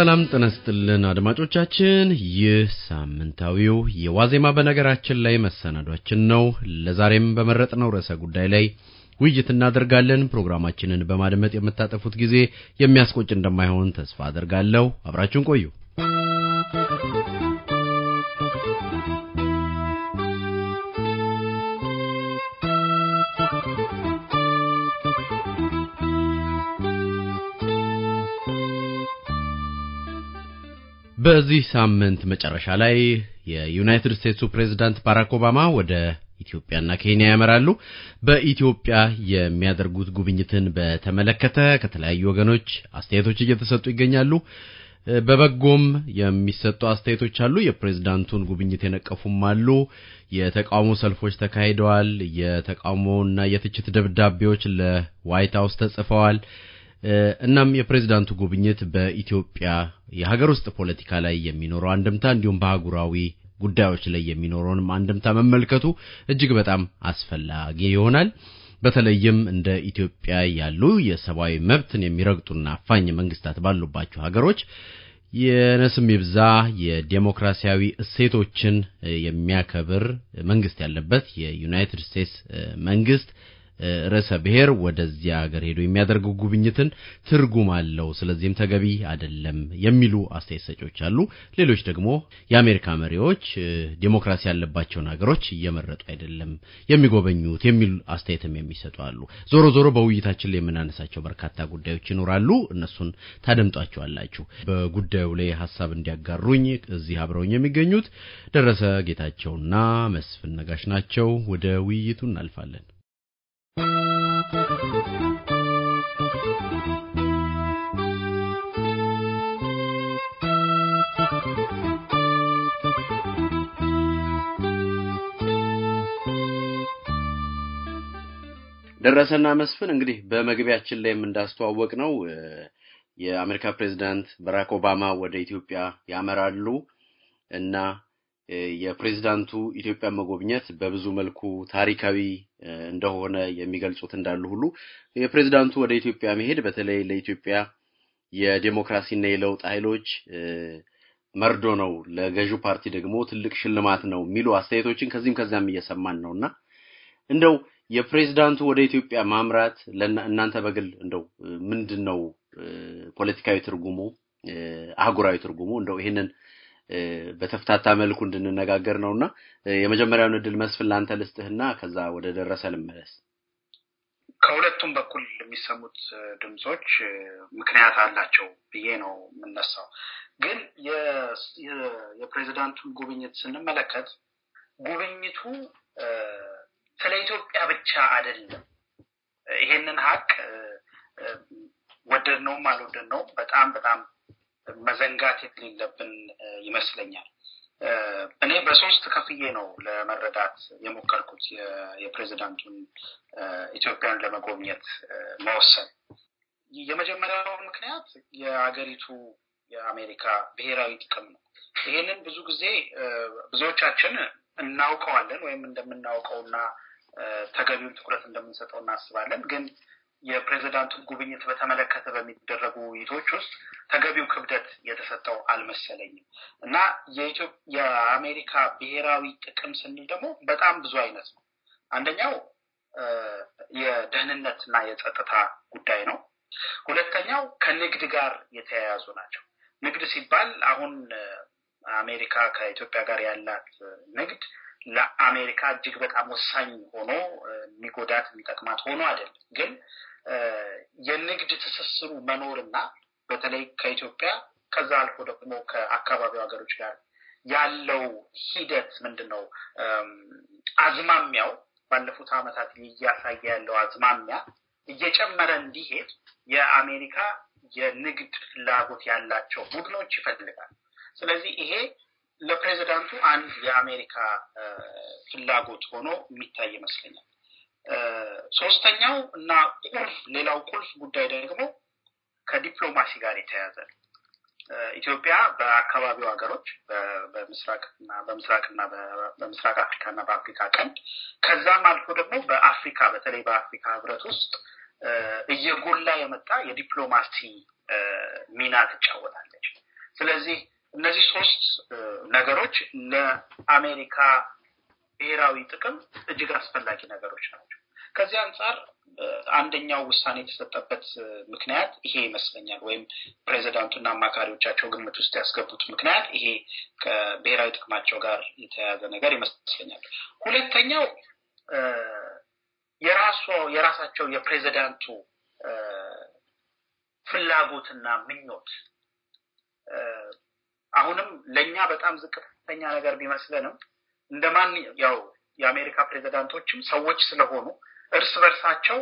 ሰላም ጥነስጥልን አድማጮቻችን፣ ይህ ሳምንታዊው የዋዜማ በነገራችን ላይ መሰናዷችን ነው። ለዛሬም በመረጥነው ርዕሰ ጉዳይ ላይ ውይይት እናደርጋለን። ፕሮግራማችንን በማድመጥ የምታጠፉት ጊዜ የሚያስቆጭ እንደማይሆን ተስፋ አደርጋለሁ። አብራችሁን ቆዩ። በዚህ ሳምንት መጨረሻ ላይ የዩናይትድ ስቴትሱ ፕሬዝዳንት ባራክ ኦባማ ወደ ኢትዮጵያና ኬንያ ያመራሉ። በኢትዮጵያ የሚያደርጉት ጉብኝትን በተመለከተ ከተለያዩ ወገኖች አስተያየቶች እየተሰጡ ይገኛሉ። በበጎም የሚሰጡ አስተያየቶች አሉ። የፕሬዝዳንቱን ጉብኝት የነቀፉም አሉ። የተቃውሞ ሰልፎች ተካሂደዋል። የተቃውሞና የትችት ደብዳቤዎች ለዋይት ሀውስ ተጽፈዋል። እናም የፕሬዝዳንቱ ጉብኝት በኢትዮጵያ የሀገር ውስጥ ፖለቲካ ላይ የሚኖረው አንድምታ እንዲሁም በአህጉራዊ ጉዳዮች ላይ የሚኖረውንም አንድምታ መመልከቱ እጅግ በጣም አስፈላጊ ይሆናል። በተለይም እንደ ኢትዮጵያ ያሉ የሰብአዊ መብትን የሚረግጡና አፋኝ መንግስታት ባሉባቸው ሀገሮች የነስም ይብዛ የዴሞክራሲያዊ እሴቶችን የሚያከብር መንግስት ያለበት የዩናይትድ ስቴትስ መንግስት ርዕሰ ብሔር ወደዚያ ሀገር ሄዶ የሚያደርጉ ጉብኝትን ትርጉም አለው፣ ስለዚህም ተገቢ አይደለም የሚሉ አስተያየት ሰጪዎች አሉ። ሌሎች ደግሞ የአሜሪካ መሪዎች ዴሞክራሲ ያለባቸውን ሀገሮች እየመረጡ አይደለም የሚጎበኙት የሚሉ አስተያየትም የሚሰጡ አሉ። ዞሮ ዞሮ በውይይታችን ላይ የምናነሳቸው በርካታ ጉዳዮች ይኖራሉ። እነሱን ታደምጧቸዋላችሁ። በጉዳዩ ላይ ሀሳብ እንዲያጋሩኝ እዚህ አብረውኝ የሚገኙት ደረሰ ጌታቸውና መስፍን ነጋሽ ናቸው። ወደ ውይይቱ እናልፋለን። ደረሰና መስፍን እንግዲህ በመግቢያችን ላይም እንዳስተዋወቅ ነው የአሜሪካ ፕሬዚዳንት ባራክ ኦባማ ወደ ኢትዮጵያ ያመራሉ እና የፕሬዝዳንቱ ኢትዮጵያ መጎብኘት በብዙ መልኩ ታሪካዊ እንደሆነ የሚገልጹት እንዳሉ ሁሉ የፕሬዝዳንቱ ወደ ኢትዮጵያ መሄድ በተለይ ለኢትዮጵያ የዴሞክራሲና የለውጥ ኃይሎች መርዶ ነው፣ ለገዢው ፓርቲ ደግሞ ትልቅ ሽልማት ነው የሚሉ አስተያየቶችን ከዚህም ከዚያም እየሰማን ነው እና እንደው የፕሬዝዳንቱ ወደ ኢትዮጵያ ማምራት እናንተ በግል እንደው ምንድን ነው ፖለቲካዊ ትርጉሙ፣ አህጉራዊ ትርጉሙ እንደው ይህንን በተፍታታ መልኩ እንድንነጋገር ነው እና የመጀመሪያውን እድል መስፍን ለአንተ ልስጥህና ከዛ ወደ ደረሰ ልመለስ። ከሁለቱም በኩል የሚሰሙት ድምፆች ምክንያት አላቸው ብዬ ነው የምነሳው። ግን የፕሬዚዳንቱን ጉብኝት ስንመለከት ጉብኝቱ ስለ ኢትዮጵያ ብቻ አይደለም። ይሄንን ሀቅ ወደድ ነውም አልወደድ ነው በጣም በጣም መዘንጋት የሌለብን ይመስለኛል። እኔ በሶስት ከፍዬ ነው ለመረዳት የሞከርኩት የፕሬዚዳንቱን ኢትዮጵያን ለመጎብኘት መወሰን። የመጀመሪያው ምክንያት የአገሪቱ የአሜሪካ ብሔራዊ ጥቅም ነው። ይህንን ብዙ ጊዜ ብዙዎቻችን እናውቀዋለን ወይም እንደምናውቀውና ተገቢውን ትኩረት እንደምንሰጠው እናስባለን። ግን የፕሬዚዳንቱን ጉብኝት በተመለከተ በሚደረጉ ውይይቶች ውስጥ ተገቢው ክብደት የተሰጠው አልመሰለኝም እና የአሜሪካ ብሔራዊ ጥቅም ስንል ደግሞ በጣም ብዙ አይነት ነው። አንደኛው የደህንነት እና የጸጥታ ጉዳይ ነው። ሁለተኛው ከንግድ ጋር የተያያዙ ናቸው። ንግድ ሲባል አሁን አሜሪካ ከኢትዮጵያ ጋር ያላት ንግድ ለአሜሪካ እጅግ በጣም ወሳኝ ሆኖ የሚጎዳት የሚጠቅማት ሆኖ አይደለም ግን የንግድ ትስስሩ መኖርና በተለይ ከኢትዮጵያ ከዛ አልፎ ደግሞ ከአካባቢው ሀገሮች ጋር ያለው ሂደት ምንድን ነው? አዝማሚያው ባለፉት አመታት እያሳየ ያለው አዝማሚያ እየጨመረ እንዲሄድ የአሜሪካ የንግድ ፍላጎት ያላቸው ቡድኖች ይፈልጋል። ስለዚህ ይሄ ለፕሬዚዳንቱ አንድ የአሜሪካ ፍላጎት ሆኖ የሚታይ ይመስለኛል። ሶስተኛው እና ቁልፍ ሌላው ቁልፍ ጉዳይ ደግሞ ከዲፕሎማሲ ጋር የተያዘ ኢትዮጵያ በአካባቢው ሀገሮች በምስራቅና በምስራቅና በምስራቅ አፍሪካና በአፍሪካ ቀንድ ከዛም አልፎ ደግሞ በአፍሪካ በተለይ በአፍሪካ ህብረት ውስጥ እየጎላ የመጣ የዲፕሎማሲ ሚና ትጫወታለች። ስለዚህ እነዚህ ሶስት ነገሮች ለአሜሪካ ብሔራዊ ጥቅም እጅግ አስፈላጊ ነገሮች ናቸው። ከዚህ አንጻር አንደኛው ውሳኔ የተሰጠበት ምክንያት ይሄ ይመስለኛል። ወይም ፕሬዚዳንቱና አማካሪዎቻቸው ግምት ውስጥ ያስገቡት ምክንያት ይሄ ከብሔራዊ ጥቅማቸው ጋር የተያያዘ ነገር ይመስለኛል። ሁለተኛው የራሷ የራሳቸው የፕሬዚዳንቱ ፍላጎትና ምኞት አሁንም ለእኛ በጣም ዝቅተኛ ነገር ቢመስለንም እንደማን ያው የአሜሪካ ፕሬዚዳንቶችም ሰዎች ስለሆኑ እርስ በርሳቸው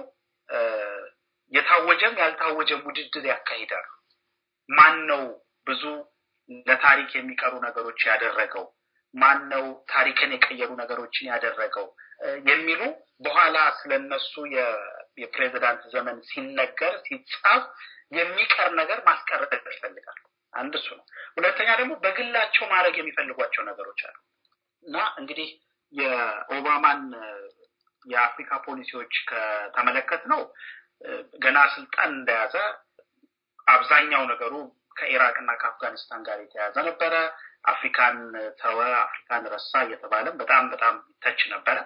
የታወጀም ያልታወጀም ውድድር ያካሂዳሉ። ማን ነው ብዙ ለታሪክ የሚቀሩ ነገሮች ያደረገው፣ ማን ነው ታሪክን የቀየሩ ነገሮችን ያደረገው የሚሉ በኋላ ስለነሱ የፕሬዚዳንት ዘመን ሲነገር ሲጻፍ የሚቀር ነገር ማስቀረት ይፈልጋሉ። አንድ እሱ ነው። ሁለተኛ ደግሞ በግላቸው ማድረግ የሚፈልጓቸው ነገሮች አሉ እና እንግዲህ የኦባማን የአፍሪካ ፖሊሲዎች ከተመለከት ነው ገና ስልጣን እንደያዘ አብዛኛው ነገሩ ከኢራቅ እና ከአፍጋኒስታን ጋር የተያዘ ነበረ። አፍሪካን ተወ፣ አፍሪካን ረሳ እየተባለም በጣም በጣም ተች ነበረ።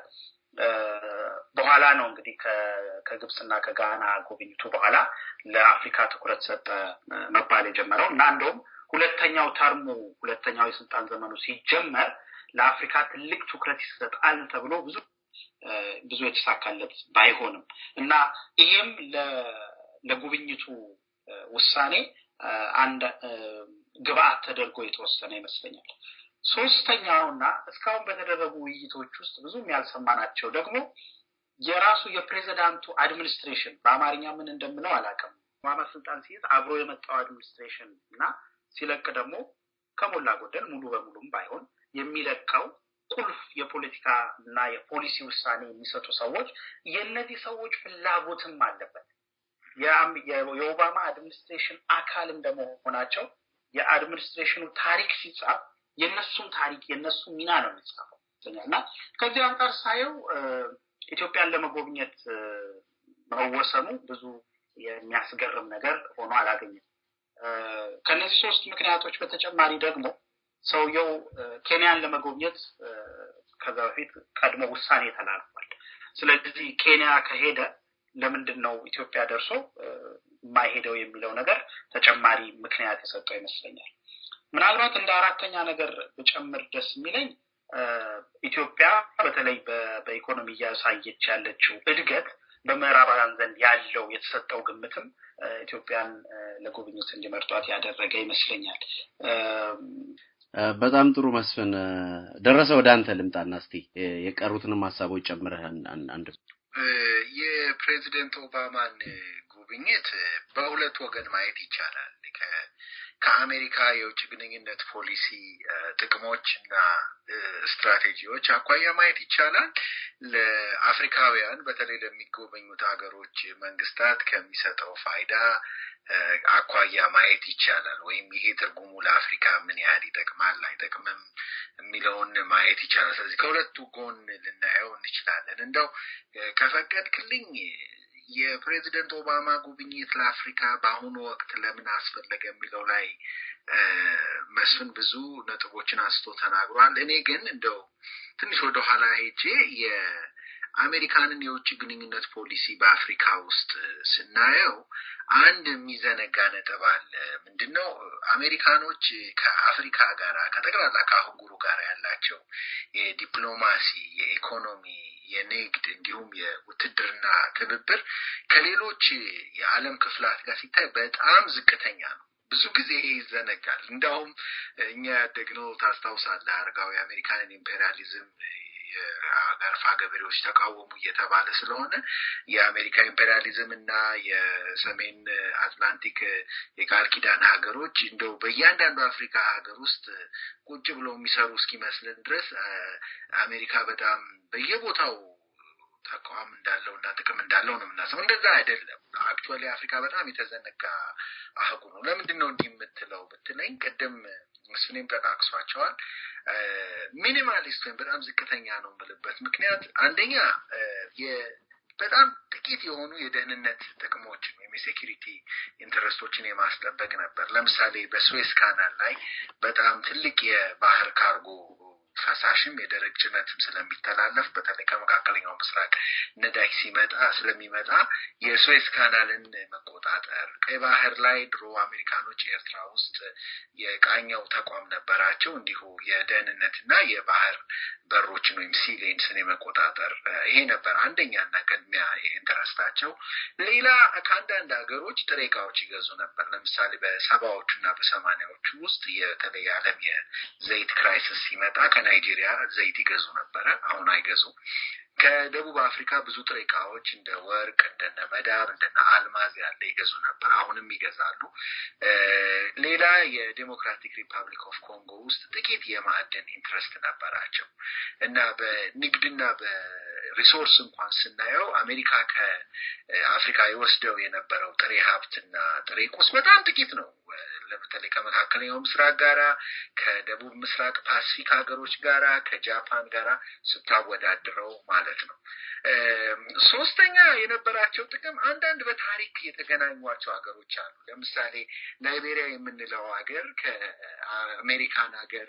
በኋላ ነው እንግዲህ ከግብፅና ከጋና ጉብኝቱ በኋላ ለአፍሪካ ትኩረት ሰጠ መባል የጀመረው እና እንደውም ሁለተኛው ተርሙ ሁለተኛው የስልጣን ዘመኑ ሲጀመር ለአፍሪካ ትልቅ ትኩረት ይሰጣል ተብሎ ብዙ ብዙ የተሳካለት ባይሆንም እና ይሄም ለጉብኝቱ ውሳኔ አንድ ግብአት ተደርጎ የተወሰነ ይመስለኛል። እና እስካሁን በተደረጉ ውይይቶች ውስጥ ብዙም ያልሰማናቸው ደግሞ የራሱ የፕሬዚዳንቱ አድሚኒስትሬሽን በአማርኛ ምን እንደምለው አላቅም ማማ ስልጣን ሲይዝ አብሮ የመጣው አድሚኒስትሬሽን እና ሲለቅ ደግሞ ከሞላ ጎደል ሙሉ በሙሉም ባይሆን የሚለቀው ቁልፍ የፖለቲካ እና የፖሊሲ ውሳኔ የሚሰጡ ሰዎች የእነዚህ ሰዎች ፍላጎትም አለበት። የኦባማ አድሚኒስትሬሽን አካል እንደመሆናቸው የአድሚኒስትሬሽኑ ታሪክ ሲጻፍ የእነሱም ታሪክ የእነሱ ሚና ነው የሚጻፈው እና ከዚህ አንጻር ሳየው ኢትዮጵያን ለመጎብኘት መወሰኑ ብዙ የሚያስገርም ነገር ሆኖ አላገኘም። ከእነዚህ ሶስት ምክንያቶች በተጨማሪ ደግሞ ሰውየው ኬንያን ለመጎብኘት ከዛ በፊት ቀድሞ ውሳኔ ተላልፏል። ስለዚህ ኬንያ ከሄደ ለምንድን ነው ኢትዮጵያ ደርሶ የማይሄደው የሚለው ነገር ተጨማሪ ምክንያት የሰጠው ይመስለኛል። ምናልባት እንደ አራተኛ ነገር ብጨምር ደስ የሚለኝ ኢትዮጵያ በተለይ በኢኮኖሚ እያሳየች ያለችው እድገት በምዕራባውያን ዘንድ ያለው የተሰጠው ግምትም ኢትዮጵያን ለጉብኝት እንዲመርጧት ያደረገ ይመስለኛል። በጣም ጥሩ መስፍን ደረሰ፣ ወደ አንተ ልምጣና እስቲ የቀሩትንም ሀሳቦች ጨምረህ አንድ የፕሬዚደንት ኦባማን ጉብኝት በሁለት ወገን ማየት ይቻላል። ከአሜሪካ የውጭ ግንኙነት ፖሊሲ ጥቅሞች እና ስትራቴጂዎች አኳያ ማየት ይቻላል። ለአፍሪካውያን በተለይ ለሚጎበኙት ሀገሮች መንግስታት ከሚሰጠው ፋይዳ አኳያ ማየት ይቻላል። ወይም ይሄ ትርጉሙ ለአፍሪካ ምን ያህል ይጠቅማል አይጠቅምም የሚለውን ማየት ይቻላል። ስለዚህ ከሁለቱ ጎን ልናየው እንችላለን። እንደው ከፈቀድክልኝ የፕሬዚደንት ኦባማ ጉብኝት ለአፍሪካ በአሁኑ ወቅት ለምን አስፈለገ የሚለው ላይ መስፍን ብዙ ነጥቦችን አንስቶ ተናግሯል። እኔ ግን እንደው ትንሽ ወደኋላ ሄጄ አሜሪካንን የውጭ ግንኙነት ፖሊሲ በአፍሪካ ውስጥ ስናየው አንድ የሚዘነጋ ነጥብ አለ። ምንድን ነው? አሜሪካኖች ከአፍሪካ ጋር ከጠቅላላ ከአህጉሩ ጋር ያላቸው የዲፕሎማሲ፣ የኢኮኖሚ፣ የንግድ እንዲሁም የውትድርና ትብብር ከሌሎች የዓለም ክፍላት ጋር ሲታይ በጣም ዝቅተኛ ነው። ብዙ ጊዜ ይሄ ይዘነጋል። እንዳውም እኛ ያደግነው ታስታውሳለህ፣ አርጋው አሜሪካንን ኢምፔሪያሊዝም የአገርፋ ገበሬዎች ተቃወሙ እየተባለ ስለሆነ የአሜሪካ ኢምፔሪያሊዝም እና የሰሜን አትላንቲክ የቃል ኪዳን ሀገሮች እንደው በእያንዳንዱ አፍሪካ ሀገር ውስጥ ቁጭ ብለው የሚሰሩ እስኪመስልን ድረስ አሜሪካ በጣም በየቦታው ተቋም እንዳለው እና ጥቅም እንዳለው ነው የምናስበው። እንደዛ አይደለም። አክቹዋሊ አፍሪካ በጣም የተዘነጋ አህጉ ነው። ለምንድን ነው እንዲህ የምትለው ብትለኝ፣ ቅድም እሱኔም ጠቃቅሷቸዋል። ሚኒማሊስት ወይም በጣም ዝቅተኛ ነው የምልበት ምክንያት አንደኛ በጣም ጥቂት የሆኑ የደህንነት ጥቅሞችን ወይም የሴኪሪቲ ኢንተረስቶችን የማስጠበቅ ነበር። ለምሳሌ በስዌስ ካናል ላይ በጣም ትልቅ የባህር ካርጎ ፈሳሽም የደረቅ ጭነትም ስለሚተላለፍ በተለይ ከመካከለኛው ምስራቅ ነዳጅ ሲመጣ ስለሚመጣ የስዌስ ካናልን መቆጣጠር ቀይ ባህር ላይ ድሮ አሜሪካኖች ኤርትራ ውስጥ የቃኘው ተቋም ነበራቸው። እንዲሁ የደህንነትና የባህር በሮችን ወይም ሲሌንስን የመቆጣጠር ይሄ ነበር አንደኛና ቅድሚያ ኢንተረስታቸው። ሌላ ከአንዳንድ ሀገሮች ጥሬ እቃዎች ይገዙ ነበር። ለምሳሌ በሰባዎቹ እና በሰማኒያዎቹ ውስጥ የተለይ አለም የዘይት ክራይሲስ ሲመጣ ከናይጄሪያ ዘይት ይገዙ ነበረ። አሁን አይገዙም። ከደቡብ አፍሪካ ብዙ ጥሬ እቃዎች እንደ ወርቅ፣ እንደነ መዳብ፣ እንደነ አልማዝ ያለ ይገዙ ነበር። አሁንም ይገዛሉ። ሌላ የዴሞክራቲክ ሪፐብሊክ ኦፍ ኮንጎ ውስጥ ጥቂት የማዕድን ኢንትረስት ነበራቸው እና በንግድና በሪሶርስ እንኳን ስናየው አሜሪካ ከአፍሪካ የወስደው የነበረው ጥሬ ሀብትና ጥሬ ቁስ በጣም ጥቂት ነው። በተለይ ከመካከለኛው ምስራቅ ጋራ ከደቡብ ምስራቅ ፓስፊክ ሀገሮች ጋራ ከጃፓን ጋራ ስታወዳድረው ማለት ነው። ሶስተኛ የነበራቸው ጥቅም አንዳንድ በታሪክ የተገናኟቸው ሀገሮች አሉ። ለምሳሌ ላይቤሪያ የምንለው ሀገር ከአሜሪካን ሀገር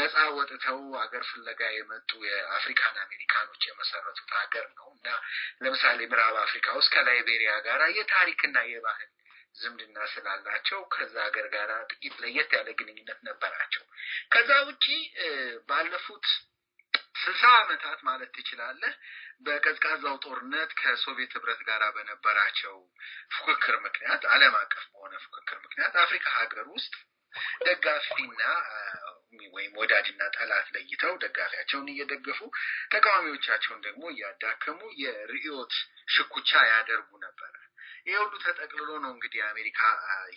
ነፃ ወጥተው ሀገር ፍለጋ የመጡ የአፍሪካን አሜሪካኖች የመሰረቱት ሀገር ነው እና ለምሳሌ ምዕራብ አፍሪካ ውስጥ ከላይቤሪያ ጋር የታሪክና የባህል ዝምድና ስላላቸው ከዛ ሀገር ጋር ጥቂት ለየት ያለ ግንኙነት ነበራቸው። ከዛ ውጪ ባለፉት ስልሳ ዓመታት ማለት ትችላለህ በቀዝቃዛው ጦርነት ከሶቪየት ህብረት ጋር በነበራቸው ፉክክር ምክንያት ዓለም አቀፍ በሆነ ፉክክር ምክንያት አፍሪካ ሀገር ውስጥ ደጋፊና ወይም ወዳጅና ጠላት ለይተው ደጋፊያቸውን እየደገፉ ተቃዋሚዎቻቸውን ደግሞ እያዳከሙ የርዕዮት ሽኩቻ ያደርጉ ነበር። ይሄ ሁሉ ተጠቅልሎ ነው እንግዲህ የአሜሪካ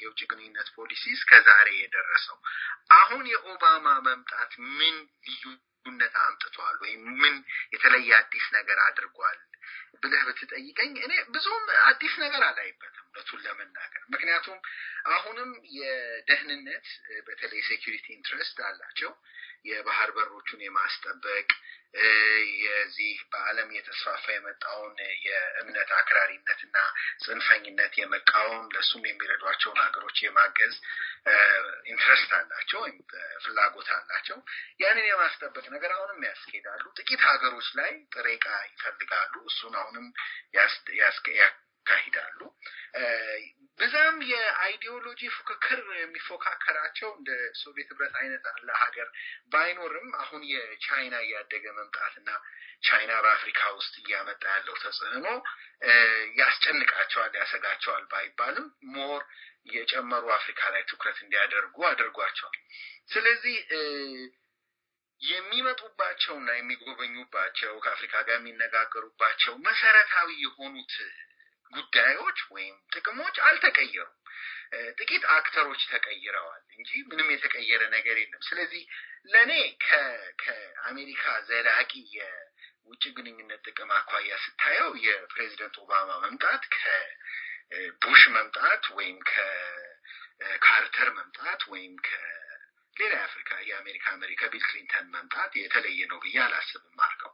የውጭ ግንኙነት ፖሊሲ እስከ ዛሬ የደረሰው። አሁን የኦባማ መምጣት ምን ልዩነት አምጥቷል ወይም ምን የተለየ አዲስ ነገር አድርጓል ብለህ ብትጠይቀኝ እኔ ብዙም አዲስ ነገር አላይበትም በቱን ለመናገር ምክንያቱም አሁንም የደህንነት በተለይ ሴኪሪቲ ኢንትረስት አላቸው። የባህር በሮቹን የማስጠበቅ የዚህ በዓለም የተስፋፋ የመጣውን የእምነት አክራሪነት እና ጽንፈኝነት የመቃወም ለሱም የሚረዷቸውን ሀገሮች የማገዝ ኢንትረስት አላቸው ወይም ፍላጎት አላቸው። ያንን የማስጠበቅ ነገር አሁንም ያስኬዳሉ። ጥቂት ሀገሮች ላይ ጥሬ ዕቃ ይፈልጋሉ። እሱን አሁንም ያካሂዳሉ። በዛም የአይዲዮሎጂ ፉክክር የሚፎካከራቸው እንደ ሶቪየት ህብረት አይነት አለ ሀገር ባይኖርም አሁን የቻይና እያደገ መምጣትና ቻይና በአፍሪካ ውስጥ እያመጣ ያለው ተጽዕኖ ያስጨንቃቸዋል፣ ያሰጋቸዋል ባይባልም ሞር የጨመሩ አፍሪካ ላይ ትኩረት እንዲያደርጉ አድርጓቸዋል። ስለዚህ የሚመጡባቸውና የሚጎበኙባቸው ከአፍሪካ ጋር የሚነጋገሩባቸው መሰረታዊ የሆኑት ጉዳዮች ወይም ጥቅሞች አልተቀየሩም። ጥቂት አክተሮች ተቀይረዋል እንጂ ምንም የተቀየረ ነገር የለም። ስለዚህ ለእኔ ከአሜሪካ ዘላቂ የውጭ ግንኙነት ጥቅም አኳያ ስታየው የፕሬዚደንት ኦባማ መምጣት ከቡሽ መምጣት ወይም ከካርተር መምጣት ወይም ከሌላ የአፍሪካ የአሜሪካ መሪ ከቢል ክሊንተን መምጣት የተለየ ነው ብዬ አላስብም አድርገው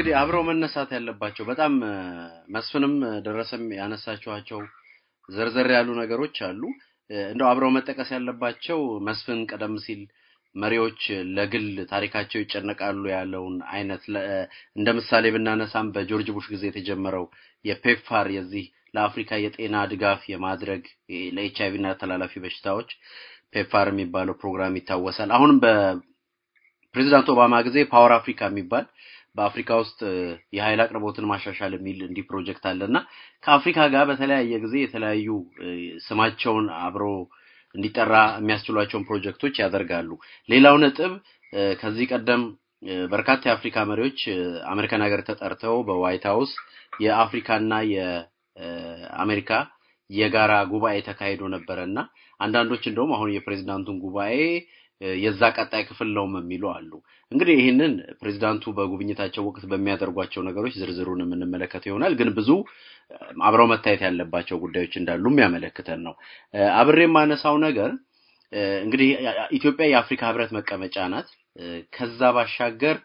እንግዲህ አብረው መነሳት ያለባቸው በጣም መስፍንም ደረሰም ያነሳችኋቸው ዘርዘር ያሉ ነገሮች አሉ። እንደው አብረው መጠቀስ ያለባቸው መስፍን ቀደም ሲል መሪዎች ለግል ታሪካቸው ይጨነቃሉ ያለውን አይነት እንደ ምሳሌ ብናነሳም በጆርጅ ቡሽ ጊዜ የተጀመረው የፔፋር የዚህ ለአፍሪካ የጤና ድጋፍ የማድረግ ለኤች አይቪ እና ተላላፊ በሽታዎች ፔፋር የሚባለው ፕሮግራም ይታወሳል። አሁንም በፕሬዚዳንት ኦባማ ጊዜ ፓወር አፍሪካ የሚባል በአፍሪካ ውስጥ የኃይል አቅርቦትን ማሻሻል የሚል እንዲህ ፕሮጀክት አለ እና ከአፍሪካ ጋር በተለያየ ጊዜ የተለያዩ ስማቸውን አብሮ እንዲጠራ የሚያስችሏቸውን ፕሮጀክቶች ያደርጋሉ። ሌላው ነጥብ ከዚህ ቀደም በርካታ የአፍሪካ መሪዎች አሜሪካን ሀገር ተጠርተው በዋይት ሀውስ የአፍሪካና የአሜሪካ የጋራ ጉባኤ ተካሂዶ ነበረ እና አንዳንዶች እንደውም አሁን የፕሬዚዳንቱን ጉባኤ የዛ ቀጣይ ክፍል ነውም የሚሉ አሉ። እንግዲህ ይህንን ፕሬዚዳንቱ በጉብኝታቸው ወቅት በሚያደርጓቸው ነገሮች ዝርዝሩን የምንመለከተው ይሆናል። ግን ብዙ አብረው መታየት ያለባቸው ጉዳዮች እንዳሉ የሚያመለክተን ነው። አብሬ የማነሳው ነገር እንግዲህ ኢትዮጵያ የአፍሪካ ሕብረት መቀመጫ ናት። ከዛ ባሻገር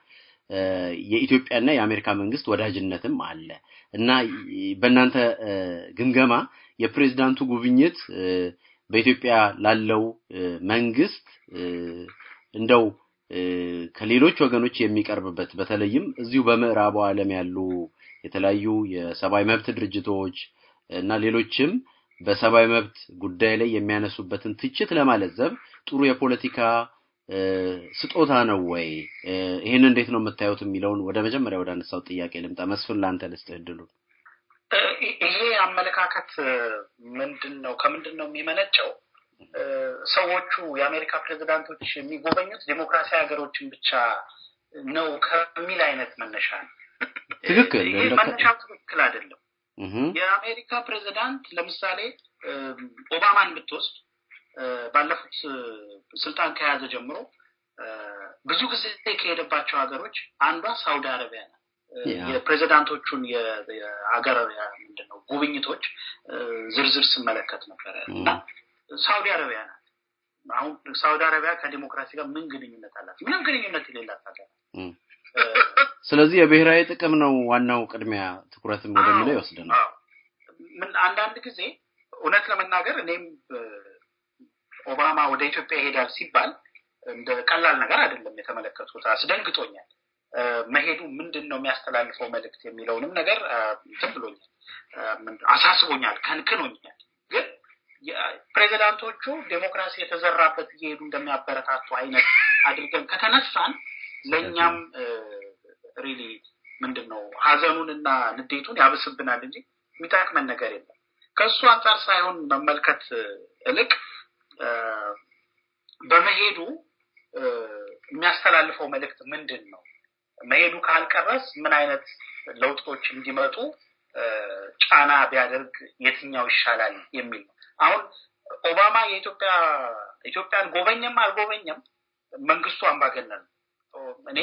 የኢትዮጵያና የአሜሪካ መንግስት ወዳጅነትም አለ እና በእናንተ ግምገማ የፕሬዚዳንቱ ጉብኝት በኢትዮጵያ ላለው መንግስት እንደው ከሌሎች ወገኖች የሚቀርብበት በተለይም እዚሁ በምዕራቡ ዓለም ያሉ የተለያዩ የሰብአዊ መብት ድርጅቶች እና ሌሎችም በሰብአዊ መብት ጉዳይ ላይ የሚያነሱበትን ትችት ለማለዘብ ጥሩ የፖለቲካ ስጦታ ነው ወይ? ይህን እንዴት ነው የምታዩት? የሚለውን ወደ መጀመሪያ ወደ አነሳው ጥያቄ ልምጣ። መስፍን፣ ለአንተ ልስጥህ እድሉን። ይሄ አመለካከት ምንድን ነው ከምንድን ነው የሚመነጨው? ሰዎቹ የአሜሪካ ፕሬዚዳንቶች የሚጎበኙት ዴሞክራሲያዊ ሀገሮችን ብቻ ነው ከሚል አይነት መነሻ ነው። ትክክል መነሻው ትክክል አይደለም። የአሜሪካ ፕሬዚዳንት ለምሳሌ ኦባማን ብትወስድ ባለፉት ስልጣን ከያዘ ጀምሮ ብዙ ጊዜ ከሄደባቸው ሀገሮች አንዷ ሳውዲ አረቢያ ናት። የፕሬዚዳንቶቹን የአገር ምንድነው ጉብኝቶች ዝርዝር ስመለከት ነበረ እና ሳውዲ አረቢያ ናት። አሁን ሳውዲ አረቢያ ከዲሞክራሲ ጋር ምን ግንኙነት አላት? ምንም ግንኙነት የሌላት ሀገር። ስለዚህ የብሔራዊ ጥቅም ነው ዋናው ቅድሚያ ትኩረትም ወደሚለው ይወስድ ነው አንዳንድ ጊዜ እውነት ለመናገር እኔም ኦባማ ወደ ኢትዮጵያ ይሄዳል ሲባል እንደ ቀላል ነገር አይደለም የተመለከትኩት፣ አስደንግጦኛል። መሄዱ ምንድን ነው የሚያስተላልፈው መልእክት የሚለውንም ነገር እንትን ብሎኛል፣ አሳስቦኛል፣ ከንክኖኛል። ግን ፕሬዚዳንቶቹ ዴሞክራሲ የተዘራበት እየሄዱ እንደሚያበረታቱ አይነት አድርገን ከተነሳን ለእኛም ሪሊ ምንድን ነው ሀዘኑን እና ንዴቱን ያብስብናል እንጂ የሚጠቅመን ነገር የለም። ከእሱ አንጻር ሳይሆን መመልከት እልቅ በመሄዱ የሚያስተላልፈው መልእክት ምንድን ነው መሄዱ ካልቀረስ ምን አይነት ለውጦች እንዲመጡ ጫና ቢያደርግ የትኛው ይሻላል የሚል ነው። አሁን ኦባማ የኢትዮጵያ ኢትዮጵያን ጎበኘም አልጎበኘም መንግስቱ አምባገነን ነው። እኔ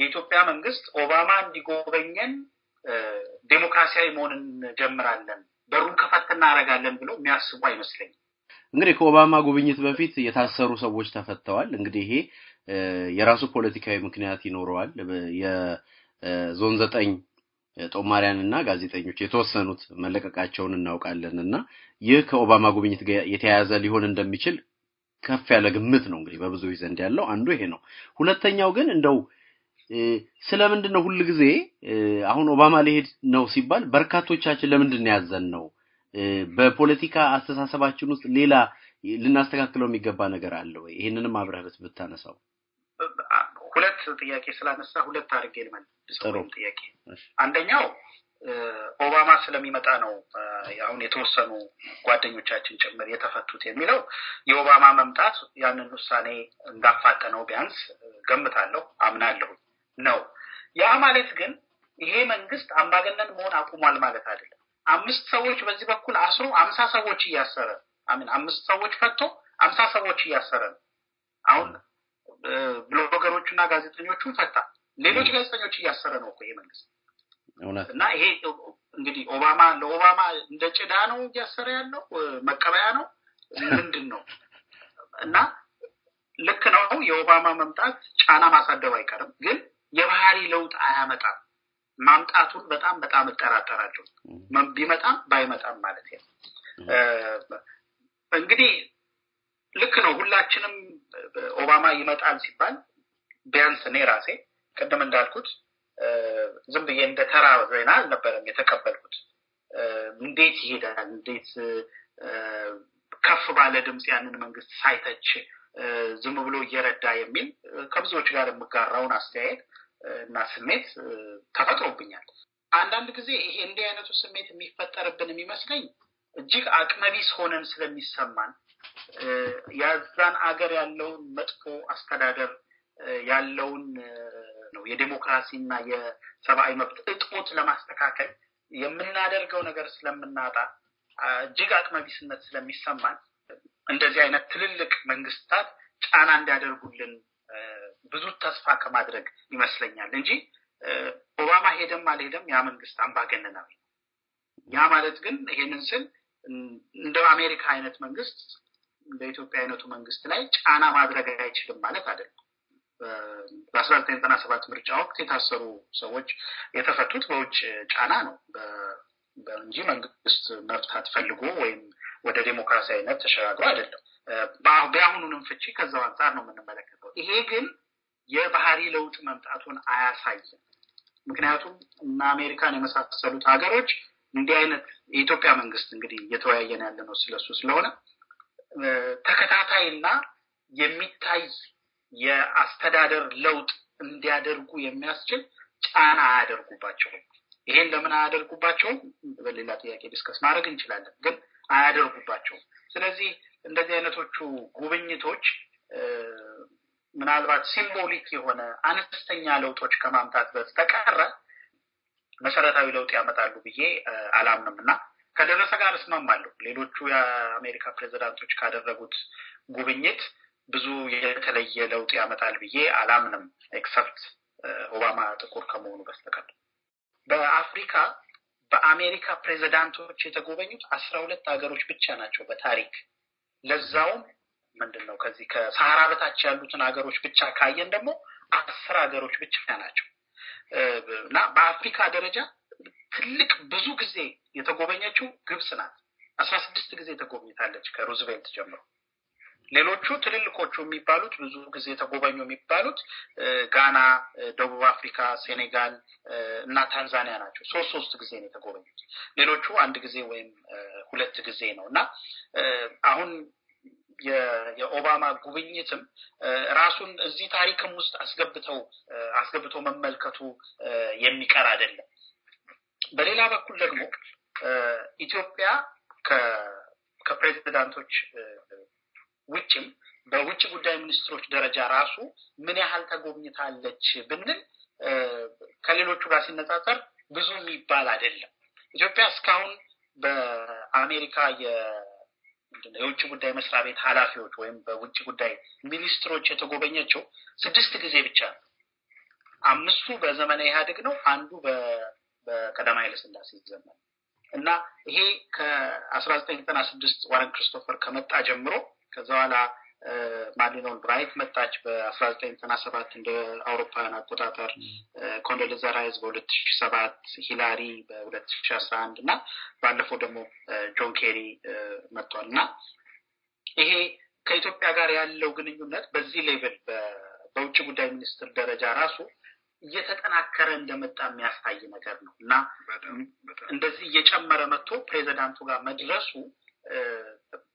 የኢትዮጵያ መንግስት ኦባማ እንዲጎበኘን ዴሞክራሲያዊ መሆን እንጀምራለን፣ በሩን ከፈት እናደርጋለን ብሎ የሚያስቡ አይመስለኝም። እንግዲህ ከኦባማ ጉብኝት በፊት የታሰሩ ሰዎች ተፈተዋል። እንግዲህ ይሄ የራሱ ፖለቲካዊ ምክንያት ይኖረዋል። የዞን ዘጠኝ ጦማሪያን እና ጋዜጠኞች የተወሰኑት መለቀቃቸውን እናውቃለን እና ይህ ከኦባማ ጉብኝት የተያያዘ ሊሆን እንደሚችል ከፍ ያለ ግምት ነው እንግዲህ በብዙዎች ዘንድ ያለው አንዱ ይሄ ነው። ሁለተኛው ግን እንደው ስለምንድን ነው ሁል ጊዜ አሁን ኦባማ ሊሄድ ነው ሲባል በርካቶቻችን ለምንድን ነው ያዘን ነው በፖለቲካ አስተሳሰባችን ውስጥ ሌላ ልናስተካክለው የሚገባ ነገር አለ ወይ? ይህንንም አብረህ ብታነሳው ሁለት ጥያቄ ስላነሳ ሁለት አድርጌ ልመልስ። ጥያቄ አንደኛው ኦባማ ስለሚመጣ ነው አሁን የተወሰኑ ጓደኞቻችን ጭምር የተፈቱት የሚለው የኦባማ መምጣት ያንን ውሳኔ እንዳፋጠነው ቢያንስ ገምታለሁ፣ አምናለሁ ነው። ያ ማለት ግን ይሄ መንግስት አምባገነን መሆን አቁሟል ማለት አይደለም። አምስት ሰዎች በዚህ በኩል አስሮ አምሳ ሰዎች እያሰረ አምስት ሰዎች ፈቶ አምሳ ሰዎች እያሰረ ነው። አሁን ብሎገሮቹና ጋዜጠኞቹን ፈታ። ሌሎች ጋዜጠኞች እያሰረ ነው እኮ ይሄ መንግስት እና ይሄ እንግዲህ ኦባማ ለኦባማ እንደ ጭዳ ነው እያሰረ ያለው መቀበያ ነው ምንድን ነው? እና ልክ ነው የኦባማ መምጣት ጫና ማሳደብ አይቀርም፣ ግን የባህሪ ለውጥ አያመጣም። ማምጣቱን በጣም በጣም እጠራጠራለሁ። ቢመጣም ባይመጣም ማለት ነው እንግዲህ ልክ ነው። ሁላችንም ኦባማ ይመጣል ሲባል ቢያንስ እኔ ራሴ ቅድም እንዳልኩት ዝም ብዬ እንደ ተራ ዜና አልነበረም የተቀበልኩት። እንዴት ይሄዳል? እንዴት ከፍ ባለ ድምፅ ያንን መንግስት ሳይተች ዝም ብሎ እየረዳ የሚል ከብዙዎች ጋር የምጋራውን አስተያየት እና ስሜት ተፈጥሮብኛል። አንዳንድ ጊዜ ይሄ እንዲህ አይነቱ ስሜት የሚፈጠርብን የሚመስለኝ እጅግ አቅመቢስ ሆነን ስለሚሰማን የዛን አገር ያለውን መጥፎ አስተዳደር ያለውን ነው እና የሰብአዊ መብት እጦት ለማስተካከል የምናደርገው ነገር ስለምናጣ እጅግ አቅመቢስነት ስለሚሰማን እንደዚህ አይነት ትልልቅ መንግስታት ጫና እንዲያደርጉልን ብዙ ተስፋ ከማድረግ ይመስለኛል እንጂ ኦባማ ሄደም አልሄደም ያ መንግስት አምባገነናዊ ያ ማለት ግን ይሄንን ስል እንደ አሜሪካ አይነት መንግስት በኢትዮጵያ አይነቱ መንግስት ላይ ጫና ማድረግ አይችልም ማለት አይደለም። በአስራ ዘጠኝ ዘጠና ሰባት ምርጫ ወቅት የታሰሩ ሰዎች የተፈቱት በውጭ ጫና ነው እንጂ መንግስት መፍታት ፈልጎ ወይም ወደ ዴሞክራሲያዊነት ተሸጋግሮ አይደለም። በአሁኑንም ፍቺ ከዛው አንጻር ነው የምንመለከተው። ይሄ ግን የባህሪ ለውጥ መምጣቱን አያሳይም። ምክንያቱም እና አሜሪካን የመሳሰሉት ሀገሮች እንዲህ አይነት የኢትዮጵያ መንግስት እንግዲህ እየተወያየን ያለ ነው ስለሱ ስለሆነ ተከታታይና የሚታይ የአስተዳደር ለውጥ እንዲያደርጉ የሚያስችል ጫና አያደርጉባቸውም። ይሄን ለምን አያደርጉባቸውም? በሌላ ጥያቄ ዲስከስ ማድረግ እንችላለን፣ ግን አያደርጉባቸውም። ስለዚህ እንደዚህ አይነቶቹ ጉብኝቶች ምናልባት ሲምቦሊክ የሆነ አነስተኛ ለውጦች ከማምጣት በስተቀረ መሰረታዊ ለውጥ ያመጣሉ ብዬ አላምንም እና ከደረሰ ጋር እስማማለሁ። ሌሎቹ የአሜሪካ ፕሬዚዳንቶች ካደረጉት ጉብኝት ብዙ የተለየ ለውጥ ያመጣል ብዬ አላምንም፣ ኤክሰፕት ኦባማ ጥቁር ከመሆኑ በስተቀር በአፍሪካ በአሜሪካ ፕሬዚዳንቶች የተጎበኙት አስራ ሁለት ሀገሮች ብቻ ናቸው በታሪክ ለዛውም ምንድን ነው ከዚህ ከሰሃራ በታች ያሉትን ሀገሮች ብቻ ካየን ደግሞ አስር ሀገሮች ብቻ ናቸው እና በአፍሪካ ደረጃ ትልቅ ብዙ ጊዜ የተጎበኘችው ግብጽ ናት። አስራ ስድስት ጊዜ ተጎብኝታለች ከሩዝቬልት ጀምሮ። ሌሎቹ ትልልቆቹ የሚባሉት ብዙ ጊዜ ተጎበኙ የሚባሉት ጋና፣ ደቡብ አፍሪካ፣ ሴኔጋል እና ታንዛኒያ ናቸው። ሶስት ሶስት ጊዜ ነው የተጎበኙት። ሌሎቹ አንድ ጊዜ ወይም ሁለት ጊዜ ነው እና አሁን የኦባማ ጉብኝትም ራሱን እዚህ ታሪክም ውስጥ አስገብተው አስገብተው መመልከቱ የሚቀር አይደለም። በሌላ በኩል ደግሞ ኢትዮጵያ ከፕሬዚዳንቶች ውጭም በውጭ ጉዳይ ሚኒስትሮች ደረጃ ራሱ ምን ያህል ተጎብኝታለች ብንል ከሌሎቹ ጋር ሲነጻጸር ብዙ የሚባል አይደለም። ኢትዮጵያ እስካሁን በአሜሪካ የውጭ ጉዳይ መስሪያ ቤት ኃላፊዎች ወይም በውጭ ጉዳይ ሚኒስትሮች የተጎበኘችው ስድስት ጊዜ ብቻ ነው። አምስቱ በዘመነ ኢህአዴግ ነው። አንዱ በቀዳማዊ ኃይለስላሴ ዘመን እና ይሄ ከአስራ ዘጠኝ ዘጠና ስድስት ዋረን ክርስቶፈር ከመጣ ጀምሮ ከዛ በኋላ ማሊኖን ብራይት መጣች በአስራ ዘጠኝ ዘጠና ሰባት እንደ አውሮፓውያን አቆጣጠር ኮንዶሊዛ ራይዝ በሁለት ሺ ሰባት ሂላሪ በሁለት ሺ አስራ አንድ እና ባለፈው ደግሞ ጆን ኬሪ መጥቷል እና ይሄ ከኢትዮጵያ ጋር ያለው ግንኙነት በዚህ ሌቭል በውጭ ጉዳይ ሚኒስትር ደረጃ ራሱ እየተጠናከረ እንደመጣ የሚያሳይ ነገር ነው እና እንደዚህ እየጨመረ መጥቶ ፕሬዚዳንቱ ጋር መድረሱ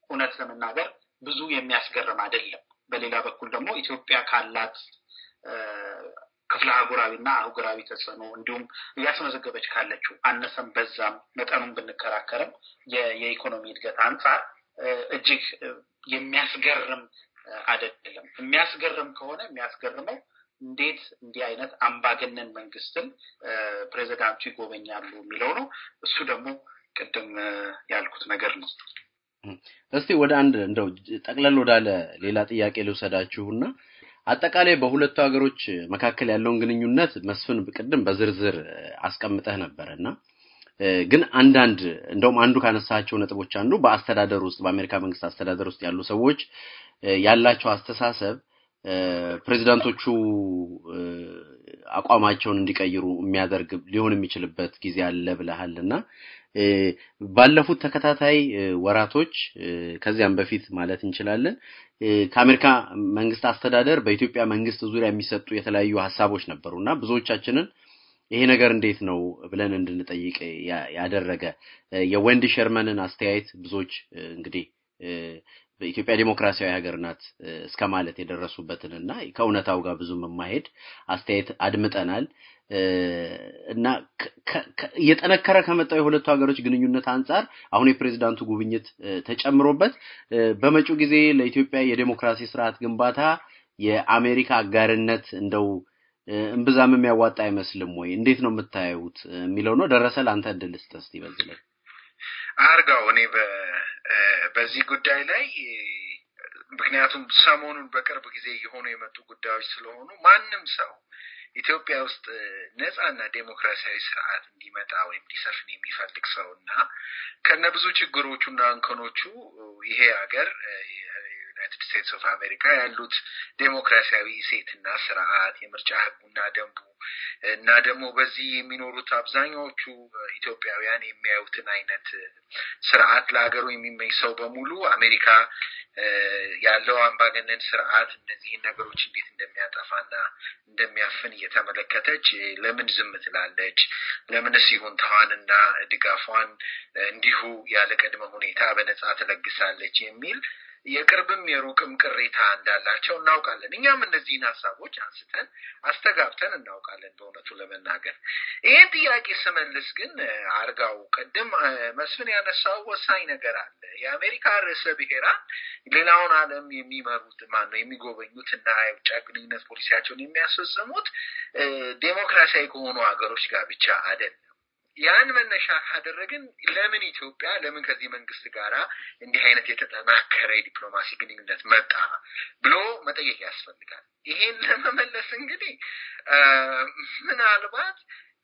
እውነት ለመናገር ብዙ የሚያስገርም አይደለም። በሌላ በኩል ደግሞ ኢትዮጵያ ካላት ክፍለ አህጉራዊ እና አህጉራዊ ተጽዕኖ እንዲሁም እያስመዘገበች ካለችው አነሰም በዛም መጠኑን ብንከራከርም የኢኮኖሚ እድገት አንጻር እጅግ የሚያስገርም አይደለም። የሚያስገርም ከሆነ የሚያስገርመው እንዴት እንዲህ አይነት አምባገነን መንግስትን ፕሬዚዳንቱ ይጎበኛሉ የሚለው ነው። እሱ ደግሞ ቅድም ያልኩት ነገር ነው። እስቲ ወደ አንድ እንደው ጠቅለል ወዳለ ሌላ ጥያቄ ልውሰዳችሁና አጠቃላይ በሁለቱ ሀገሮች መካከል ያለውን ግንኙነት መስፍን ቅድም በዝርዝር አስቀምጠህ ነበር እና ግን አንዳንድ እንደውም አንዱ ካነሳቸው ነጥቦች አንዱ በአስተዳደር ውስጥ በአሜሪካ መንግስት አስተዳደር ውስጥ ያሉ ሰዎች ያላቸው አስተሳሰብ ፕሬዚዳንቶቹ አቋማቸውን እንዲቀይሩ የሚያደርግ ሊሆን የሚችልበት ጊዜ አለ ብለሃል እና ባለፉት ተከታታይ ወራቶች ከዚያም በፊት ማለት እንችላለን ከአሜሪካ መንግስት አስተዳደር በኢትዮጵያ መንግስት ዙሪያ የሚሰጡ የተለያዩ ሀሳቦች ነበሩ እና ብዙዎቻችንን ይሄ ነገር እንዴት ነው ብለን እንድንጠይቅ ያደረገ የወንዲ ሸርመንን አስተያየት ብዙዎች እንግዲህ ኢትዮጵያ ዴሞክራሲያዊ ሀገር ናት እስከ ማለት የደረሱበትንና ከእውነታው ጋር ብዙም የማሄድ አስተያየት አድምጠናል እና እየጠነከረ ከመጣው የሁለቱ ሀገሮች ግንኙነት አንጻር አሁን የፕሬዚዳንቱ ጉብኝት ተጨምሮበት በመጪው ጊዜ ለኢትዮጵያ የዴሞክራሲ ስርዓት ግንባታ የአሜሪካ አጋርነት እንደው እምብዛም የሚያዋጣ አይመስልም ወይ? እንዴት ነው የምታዩት የሚለው ነው። ደረሰ ለአንተ እድል ስተስት እስቲ አርጋው እኔ በዚህ ጉዳይ ላይ ምክንያቱም ሰሞኑን በቅርብ ጊዜ የሆኑ የመጡ ጉዳዮች ስለሆኑ ማንም ሰው ኢትዮጵያ ውስጥ ነጻና ዴሞክራሲያዊ ስርዓት እንዲመጣ ወይም እንዲሰፍን የሚፈልግ ሰው እና ከነ ብዙ ችግሮቹ እና እንከኖቹ ይሄ ሀገር ዩናይትድ ስቴትስ ኦፍ አሜሪካ ያሉት ዴሞክራሲያዊ ሴትና ስርዓት የምርጫ ህጉና ደንቡ እና ደግሞ በዚህ የሚኖሩት አብዛኛዎቹ ኢትዮጵያውያን የሚያዩትን አይነት ስርዓት ለሀገሩ የሚመኝ ሰው በሙሉ አሜሪካ ያለው አምባገነን ስርዓት እነዚህን ነገሮች እንዴት እንደሚያጠፋና እንደሚያፍን እየተመለከተች ለምን ዝም ትላለች? ለምንስ ይሁንታዋንና ድጋፏን እንዲሁ ያለ ቅድመ ሁኔታ በነጻ ትለግሳለች? የሚል የቅርብም የሩቅም ቅሬታ እንዳላቸው እናውቃለን። እኛም እነዚህን ሀሳቦች አንስተን አስተጋብተን እናውቃለን። በእውነቱ ለመናገር ይህን ጥያቄ ስመልስ ግን አርጋው ቅድም መስፍን ያነሳው ወሳኝ ነገር አለ። የአሜሪካ ርዕሰ ብሔራን ሌላውን ዓለም የሚመሩት ማነው የሚጎበኙት እና የውጭ ግንኙነት ፖሊሲያቸውን የሚያስፈጽሙት ዴሞክራሲያዊ ከሆኑ ሀገሮች ጋር ብቻ አይደለም። ያን መነሻ ካደረግን ለምን ኢትዮጵያ ለምን ከዚህ መንግስት ጋር እንዲህ አይነት የተጠናከረ የዲፕሎማሲ ግንኙነት መጣ ብሎ መጠየቅ ያስፈልጋል። ይሄን ለመመለስ እንግዲህ ምናልባት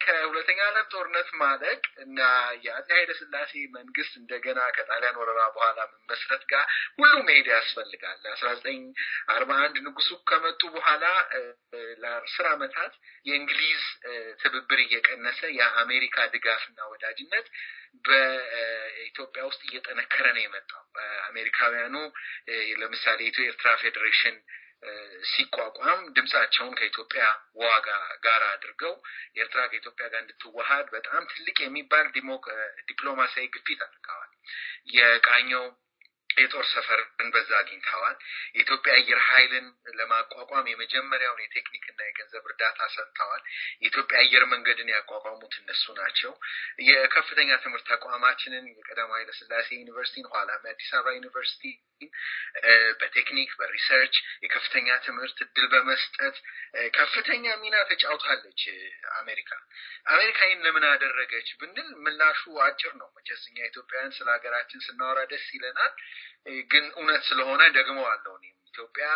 ከሁለተኛ ዓለም ጦርነት ማለቅ እና የአፄ ኃይለ ስላሴ መንግስት እንደገና ከጣሊያን ወረራ በኋላ መመስረት ጋር ሁሉ መሄድ ያስፈልጋል። አስራ ዘጠኝ አርባ አንድ ንጉሱ ከመጡ በኋላ ለአስር ዓመታት የእንግሊዝ ትብብር እየቀነሰ የአሜሪካ ድጋፍና ወዳጅነት በኢትዮጵያ ውስጥ እየጠነከረ ነው የመጣው። አሜሪካውያኑ ለምሳሌ ኢትዮ ኤርትራ ፌዴሬሽን ሲቋቋም ድምፃቸውን ከኢትዮጵያ ዋጋ ጋር አድርገው ኤርትራ ከኢትዮጵያ ጋር እንድትዋሃድ በጣም ትልቅ የሚባል ዲፕሎማሲያዊ ግፊት አድርገዋል። የቃኘው የጦር ሰፈርን በዛ አግኝተዋል። የኢትዮጵያ አየር ኃይልን ለማቋቋም የመጀመሪያውን የቴክኒክና የገንዘብ እርዳታ ሰጥተዋል። የኢትዮጵያ አየር መንገድን ያቋቋሙት እነሱ ናቸው። የከፍተኛ ትምህርት ተቋማችንን የቀዳማዊ ኃይለስላሴ ሥላሴ ዩኒቨርሲቲን ኋላም የአዲስ አበባ ዩኒቨርሲቲ በቴክኒክ በሪሰርች የከፍተኛ ትምህርት እድል በመስጠት ከፍተኛ ሚና ተጫውታለች አሜሪካ። አሜሪካ ይህን ለምን አደረገች ብንል ምላሹ አጭር ነው። መቼስ እኛ ኢትዮጵያውያን ስለ ሀገራችን ስናወራ ደስ ይለናል። ግን እውነት ስለሆነ ደግሞ አለው ኢትዮጵያ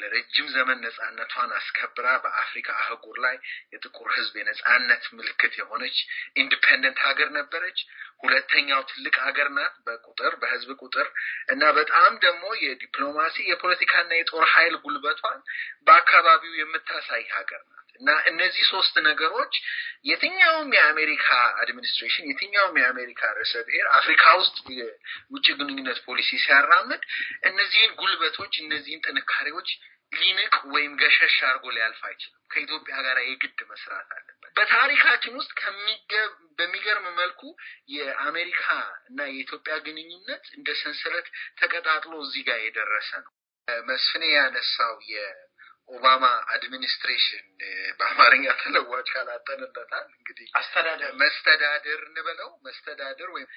ለረጅም ዘመን ነጻነቷን አስከብራ በአፍሪካ አህጉር ላይ የጥቁር ህዝብ የነጻነት ምልክት የሆነች ኢንዲፐንደንት ሀገር ነበረች። ሁለተኛው ትልቅ ሀገር ናት በቁጥር በህዝብ ቁጥር እና በጣም ደግሞ የዲፕሎማሲ የፖለቲካና የጦር ሀይል ጉልበቷን በአካባቢው የምታሳይ ሀገር ናት። እና እነዚህ ሶስት ነገሮች የትኛውም የአሜሪካ አድሚኒስትሬሽን የትኛውም የአሜሪካ ርዕሰ ብሔር አፍሪካ ውስጥ የውጭ ግንኙነት ፖሊሲ ሲያራምድ እነዚህን ጉልበቶች እነዚህን ጥንካሬዎች ሊንቅ ወይም ገሸሽ አድርጎ ሊያልፍ አይችልም። ከኢትዮጵያ ጋር የግድ መስራት አለበት። በታሪካችን ውስጥ በሚገርም መልኩ የአሜሪካ እና የኢትዮጵያ ግንኙነት እንደ ሰንሰለት ተቀጣጥሎ እዚህ ጋር የደረሰ ነው። መስፍኔ ያነሳው ኦባማ አድሚኒስትሬሽን በአማርኛ ተለዋጭ ካላጠንለታል እንግዲህ አስተዳደር መስተዳደር እንበለው መስተዳደር ወይም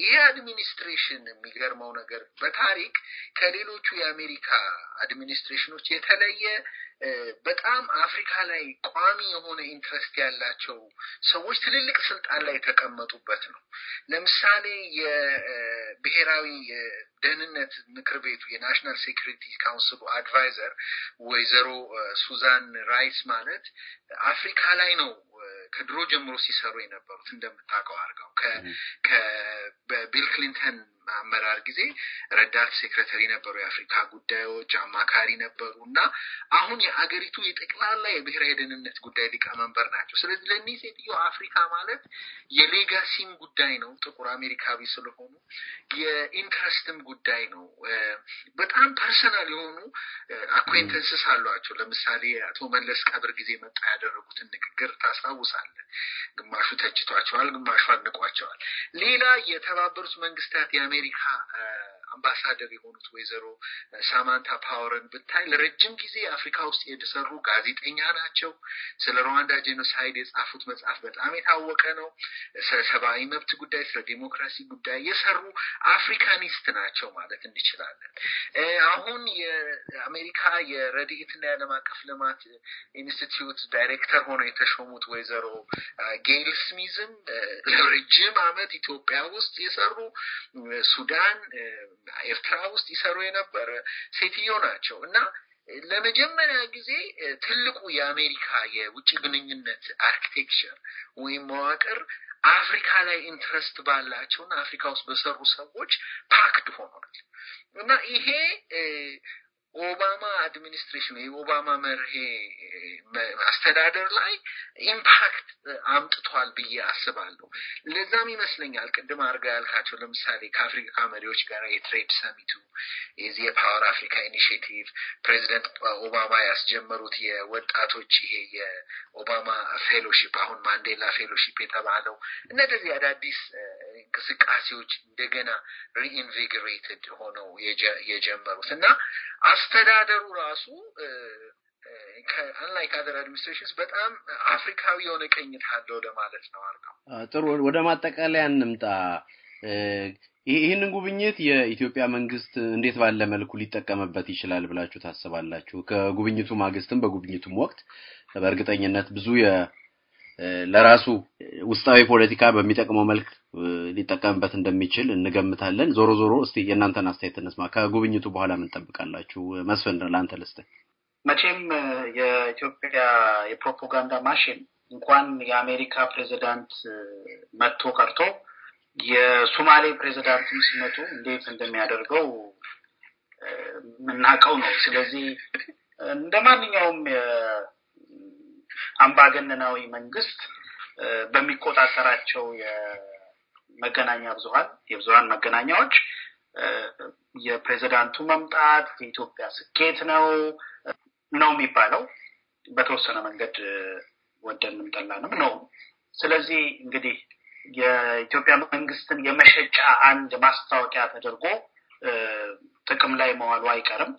ይህ አድሚኒስትሬሽን የሚገርመው ነገር በታሪክ ከሌሎቹ የአሜሪካ አድሚኒስትሬሽኖች የተለየ በጣም አፍሪካ ላይ ቋሚ የሆነ ኢንትረስት ያላቸው ሰዎች ትልልቅ ስልጣን ላይ የተቀመጡበት ነው። ለምሳሌ የብሔራዊ ደህንነት ምክር ቤቱ የናሽናል ሴኩሪቲ ካውንስሉ አድቫይዘር ወይዘሮ ሱዛን ራይስ ማለት አፍሪካ ላይ ነው ከድሮ ጀምሮ ሲሰሩ የነበሩት እንደምታውቀው አድርገው ከቢል ክሊንተን አመራር ጊዜ ረዳት ሴክረተሪ ነበሩ፣ የአፍሪካ ጉዳዮች አማካሪ ነበሩ እና አሁን የአገሪቱ የጠቅላላ የብሔራዊ ደህንነት ጉዳይ ሊቀመንበር ናቸው። ስለዚህ ለእኒህ ሴትዮ አፍሪካ ማለት የሌጋሲም ጉዳይ ነው፣ ጥቁር አሜሪካዊ ስለሆኑ የኢንትረስትም ጉዳይ ነው። በጣም ፐርሰናል የሆኑ አኮንተንስስ አሏቸው። ለምሳሌ አቶ መለስ ቀብር ጊዜ መጣ ያደረጉትን ንግግር ታስታውሳል። አለ። ግማሹ ተችቷቸዋል፣ ግማሹ አድንቋቸዋል። ሌላ የተባበሩት መንግስታት የአሜሪካ አምባሳደር የሆኑት ወይዘሮ ሳማንታ ፓወርን ብታይ ለረጅም ጊዜ አፍሪካ ውስጥ የተሰሩ ጋዜጠኛ ናቸው። ስለ ሩዋንዳ ጄኖሳይድ የጻፉት መጽሐፍ በጣም የታወቀ ነው። ስለ ሰብአዊ መብት ጉዳይ፣ ስለ ዲሞክራሲ ጉዳይ የሰሩ አፍሪካኒስት ናቸው ማለት እንችላለን። አሁን የአሜሪካ የረድኤትና የዓለም አቀፍ ልማት ኢንስቲትዩት ዳይሬክተር ሆነው የተሾሙት ወይዘሮ ጌል ስሚዝም ለረጅም ዓመት ኢትዮጵያ ውስጥ የሰሩ ሱዳን፣ ኤርትራ ውስጥ ይሰሩ የነበረ ሴትዮ ናቸው እና ለመጀመሪያ ጊዜ ትልቁ የአሜሪካ የውጭ ግንኙነት አርኪቴክቸር ወይም መዋቅር አፍሪካ ላይ ኢንትረስት ባላቸውና አፍሪካ ውስጥ በሰሩ ሰዎች ፓክድ ሆኗል እና ይሄ ኦባማ አድሚኒስትሬሽን ወይ ኦባማ መርሄ አስተዳደር ላይ ኢምፓክት አምጥቷል ብዬ አስባለሁ። ለዛም ይመስለኛል ቅድም አድርጋ ያልካቸው ለምሳሌ ከአፍሪካ መሪዎች ጋር የትሬድ ሰሚቱ የዚህ የፓወር አፍሪካ ኢኒሽቲቭ ፕሬዚደንት ኦባማ ያስጀመሩት የወጣቶች ይሄ የኦባማ ፌሎሺፕ አሁን ማንዴላ ፌሎሺፕ የተባለው እነዚህ አዳዲስ እንቅስቃሴዎች እንደገና ሪኢንቪግሬትድ ሆነው የጀመሩት እና አስተዳደሩ ራሱ አንላይክ አደር አድሚኒስትሬሽንስ በጣም አፍሪካዊ የሆነ ቀኝት አለ ወደ ማለት ነው። አርገው ጥሩ ወደ ማጠቃለያ እንምጣ። ይህንን ጉብኝት የኢትዮጵያ መንግስት እንዴት ባለ መልኩ ሊጠቀምበት ይችላል ብላችሁ ታስባላችሁ? ከጉብኝቱ ማግስትም በጉብኝቱም ወቅት በእርግጠኝነት ብዙ ለራሱ ውስጣዊ ፖለቲካ በሚጠቅመው መልክ ሊጠቀምበት እንደሚችል እንገምታለን። ዞሮ ዞሮ እስቲ የእናንተን አስተያየት እንስማ። ከጉብኝቱ በኋላ ምን ጠብቃላችሁ? መስፍን ለአንተ ልስጥ። መቼም የኢትዮጵያ የፕሮፓጋንዳ ማሽን እንኳን የአሜሪካ ፕሬዚዳንት መጥቶ ቀርቶ የሱማሌ ፕሬዚዳንትም ሲመጡ እንዴት እንደሚያደርገው የምናውቀው ነው። ስለዚህ እንደ ማንኛውም አምባገነናዊ መንግስት በሚቆጣጠራቸው የመገናኛ ብዙሀን የብዙሀን መገናኛዎች የፕሬዚዳንቱ መምጣት የኢትዮጵያ ስኬት ነው ነው የሚባለው በተወሰነ መንገድ ወደንም ጠላንም ነው። ስለዚህ እንግዲህ የኢትዮጵያ መንግስትን የመሸጫ አንድ ማስታወቂያ ተደርጎ ጥቅም ላይ መዋሉ አይቀርም።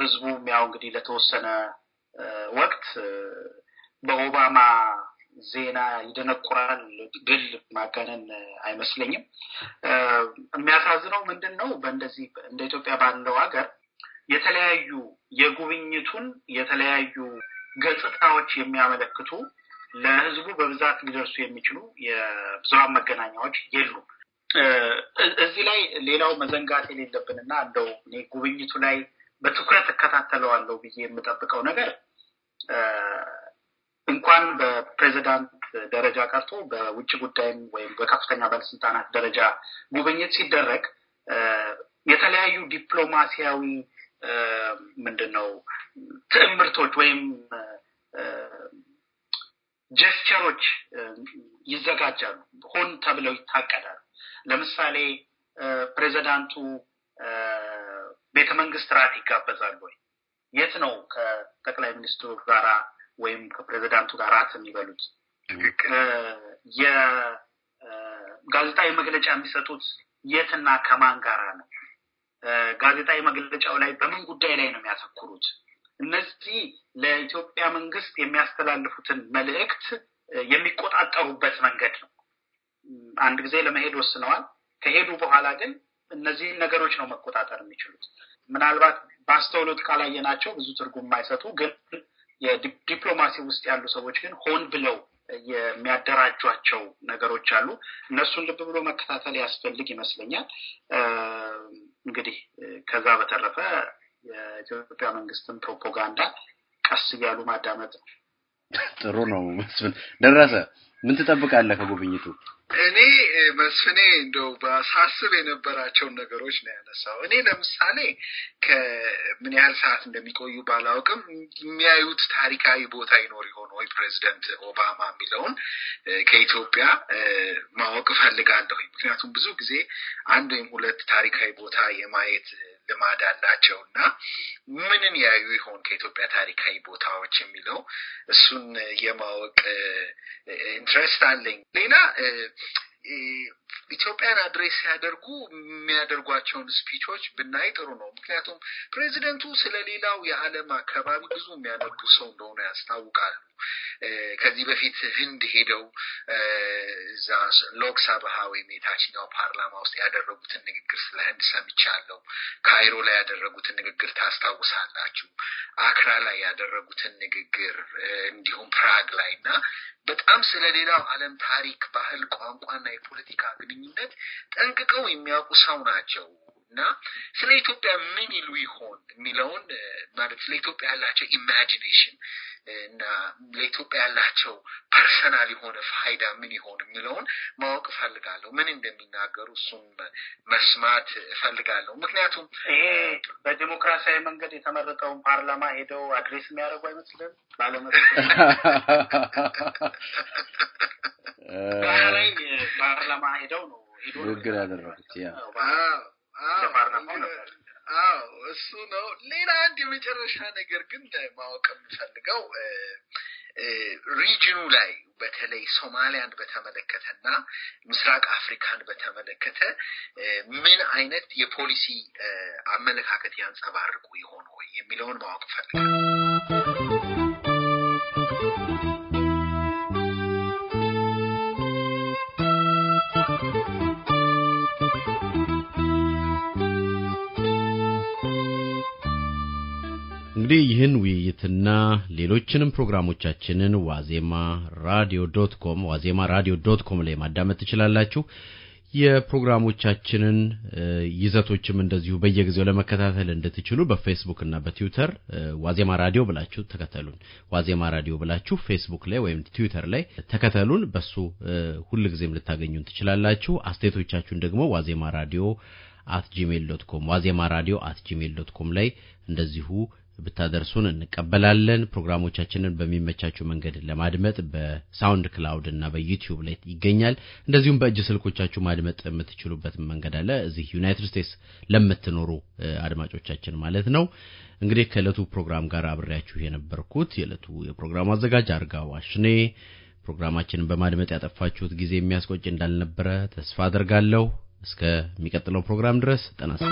ህዝቡም ያው እንግዲህ ለተወሰነ ወቅት በኦባማ ዜና ይደነቁራል ድል ማጋነን አይመስለኝም። የሚያሳዝነው ምንድን ነው? በእንደዚህ እንደ ኢትዮጵያ ባለው ሀገር የተለያዩ የጉብኝቱን የተለያዩ ገጽታዎች የሚያመለክቱ ለህዝቡ በብዛት ሊደርሱ የሚችሉ የብዙሀን መገናኛዎች የሉ እዚህ ላይ ሌላው መዘንጋት የሌለብን እና እንደው እኔ ጉብኝቱ ላይ በትኩረት እከታተለዋለሁ ብዬ የምጠብቀው ነገር እንኳን በፕሬዚዳንት ደረጃ ቀርቶ በውጭ ጉዳይም ወይም በከፍተኛ ባለስልጣናት ደረጃ ጉብኝት ሲደረግ የተለያዩ ዲፕሎማሲያዊ ምንድን ነው ትዕምርቶች ወይም ጀስቸሮች ይዘጋጃሉ፣ ሆን ተብለው ይታቀዳሉ። ለምሳሌ ፕሬዚዳንቱ ቤተ መንግስት ራት ይጋበዛሉ ወይ? የት ነው ከጠቅላይ ሚኒስትሩ ጋራ ወይም ከፕሬዚዳንቱ ጋር ራት የሚበሉት የጋዜጣዊ መግለጫ የሚሰጡት የትና ከማን ጋራ ነው? ጋዜጣዊ መግለጫው ላይ በምን ጉዳይ ላይ ነው የሚያተኩሩት? እነዚህ ለኢትዮጵያ መንግስት የሚያስተላልፉትን መልእክት የሚቆጣጠሩበት መንገድ ነው። አንድ ጊዜ ለመሄድ ወስነዋል። ከሄዱ በኋላ ግን እነዚህን ነገሮች ነው መቆጣጠር የሚችሉት። ምናልባት በአስተውሎት ካላየናቸው ብዙ ትርጉም የማይሰጡ ግን የዲፕሎማሲ ውስጥ ያሉ ሰዎች ግን ሆን ብለው የሚያደራጇቸው ነገሮች አሉ። እነሱን ልብ ብሎ መከታተል ያስፈልግ ይመስለኛል። እንግዲህ ከዛ በተረፈ የኢትዮጵያ መንግስትን ፕሮፓጋንዳ ቀስ እያሉ ማዳመጥ ጥሩ ነው መስፍን ደረሰ። ምን ትጠብቃለህ ከጉብኝቱ? እኔ መስፍኔ እንደው በሳስብ የነበራቸውን ነገሮች ነው ያነሳው። እኔ ለምሳሌ ከምን ያህል ሰዓት እንደሚቆዩ ባላውቅም የሚያዩት ታሪካዊ ቦታ ይኖር ይሆን ወይ ፕሬዚደንት ኦባማ የሚለውን ከኢትዮጵያ ማወቅ እፈልጋለሁ። ምክንያቱም ብዙ ጊዜ አንድ ወይም ሁለት ታሪካዊ ቦታ የማየት ልማድ አላቸው እና ምንን ያዩ ይሆን ከኢትዮጵያ ታሪካዊ ቦታዎች የሚለው እሱን የማወቅ ኢንትረስት አለኝ። ሌላ ኢትዮጵያን አድሬስ ሲያደርጉ የሚያደርጓቸውን ስፒቾች ብናይ ጥሩ ነው። ምክንያቱም ፕሬዚደንቱ ስለ ሌላው የዓለም አካባቢ ብዙ የሚያነቡ ሰው እንደሆነ ያስታውቃሉ። ከዚህ በፊት ህንድ ሄደው እዛ ሎክሰብሃ ወይም የታችኛው ፓርላማ ውስጥ ያደረጉትን ንግግር ስለ ህንድ ሰምቻለሁ። ካይሮ ላይ ያደረጉትን ንግግር ታስታውሳላችሁ። አክራ ላይ ያደረጉትን ንግግር እንዲሁም ፕራግ ላይ እና በጣም ስለ ሌላው ዓለም ታሪክ፣ ባህል፣ ቋንቋና የፖለቲካ ግንኙነት ጠንቅቀው የሚያውቁ ሰው ናቸው። እና ስለ ኢትዮጵያ ምን ይሉ ይሆን የሚለውን ማለት ስለ ኢትዮጵያ ያላቸው ኢማጂኔሽን እና ለኢትዮጵያ ያላቸው ፐርሰናል የሆነ ፋይዳ ምን ይሆን የሚለውን ማወቅ እፈልጋለሁ። ምን እንደሚናገሩ እሱም መስማት እፈልጋለሁ። ምክንያቱም ይሄ በዲሞክራሲያዊ መንገድ የተመረጠውን ፓርላማ ሄደው አድሬስ የሚያደርጉ አይመስልም ባለመ ባህላዊ ፓርላማ ሄደው ነው ንግግር ያደረጉት አዎ እሱ ነው። ሌላ አንድ የመጨረሻ ነገር ግን ማወቅ የምፈልገው ሪጅኑ ላይ በተለይ ሶማሊያን በተመለከተ እና ምስራቅ አፍሪካን በተመለከተ ምን አይነት የፖሊሲ አመለካከት ያንጸባርቁ ይሆን ወይ የሚለውን ማወቅ ፈልጋል። እንግዲህ ይህን ውይይትና ሌሎችንም ፕሮግራሞቻችንን ዋዜማ ራዲዮ ዶት ኮም ዋዜማ ራዲዮ ዶት ኮም ላይ ማዳመጥ ትችላላችሁ። የፕሮግራሞቻችንን ይዘቶችም እንደዚሁ በየጊዜው ለመከታተል እንድትችሉ በፌስቡክ እና በትዊተር ዋዜማ ራዲዮ ብላችሁ ተከተሉን። ዋዜማ ራዲዮ ብላችሁ ፌስቡክ ላይ ወይም ትዊተር ላይ ተከተሉን። በሱ ጊዜም ልታገኙን ትችላላችሁ። አስተያየቶቻችሁን ደግሞ ዋዜማ ራዲዮ አት ጂሜል ዶት ኮም ዋዜማ ራዲዮ አት ጂሜል ዶት ኮም ላይ እንደዚሁ ብታደርሱን እንቀበላለን። ፕሮግራሞቻችንን በሚመቻችሁ መንገድ ለማድመጥ በሳውንድ ክላውድ እና በዩቲዩብ ላይ ይገኛል። እንደዚሁም በእጅ ስልኮቻችሁ ማድመጥ የምትችሉበት መንገድ አለ። እዚህ ዩናይትድ ስቴትስ ለምትኖሩ አድማጮቻችን ማለት ነው። እንግዲህ ከእለቱ ፕሮግራም ጋር አብሬያችሁ የነበርኩት የእለቱ የፕሮግራሙ አዘጋጅ አርጋው አሽኔ። ፕሮግራማችንን በማድመጥ ያጠፋችሁት ጊዜ የሚያስቆጭ እንዳልነበረ ተስፋ አደርጋለሁ። እስከ የሚቀጥለው ፕሮግራም ድረስ ጠናስ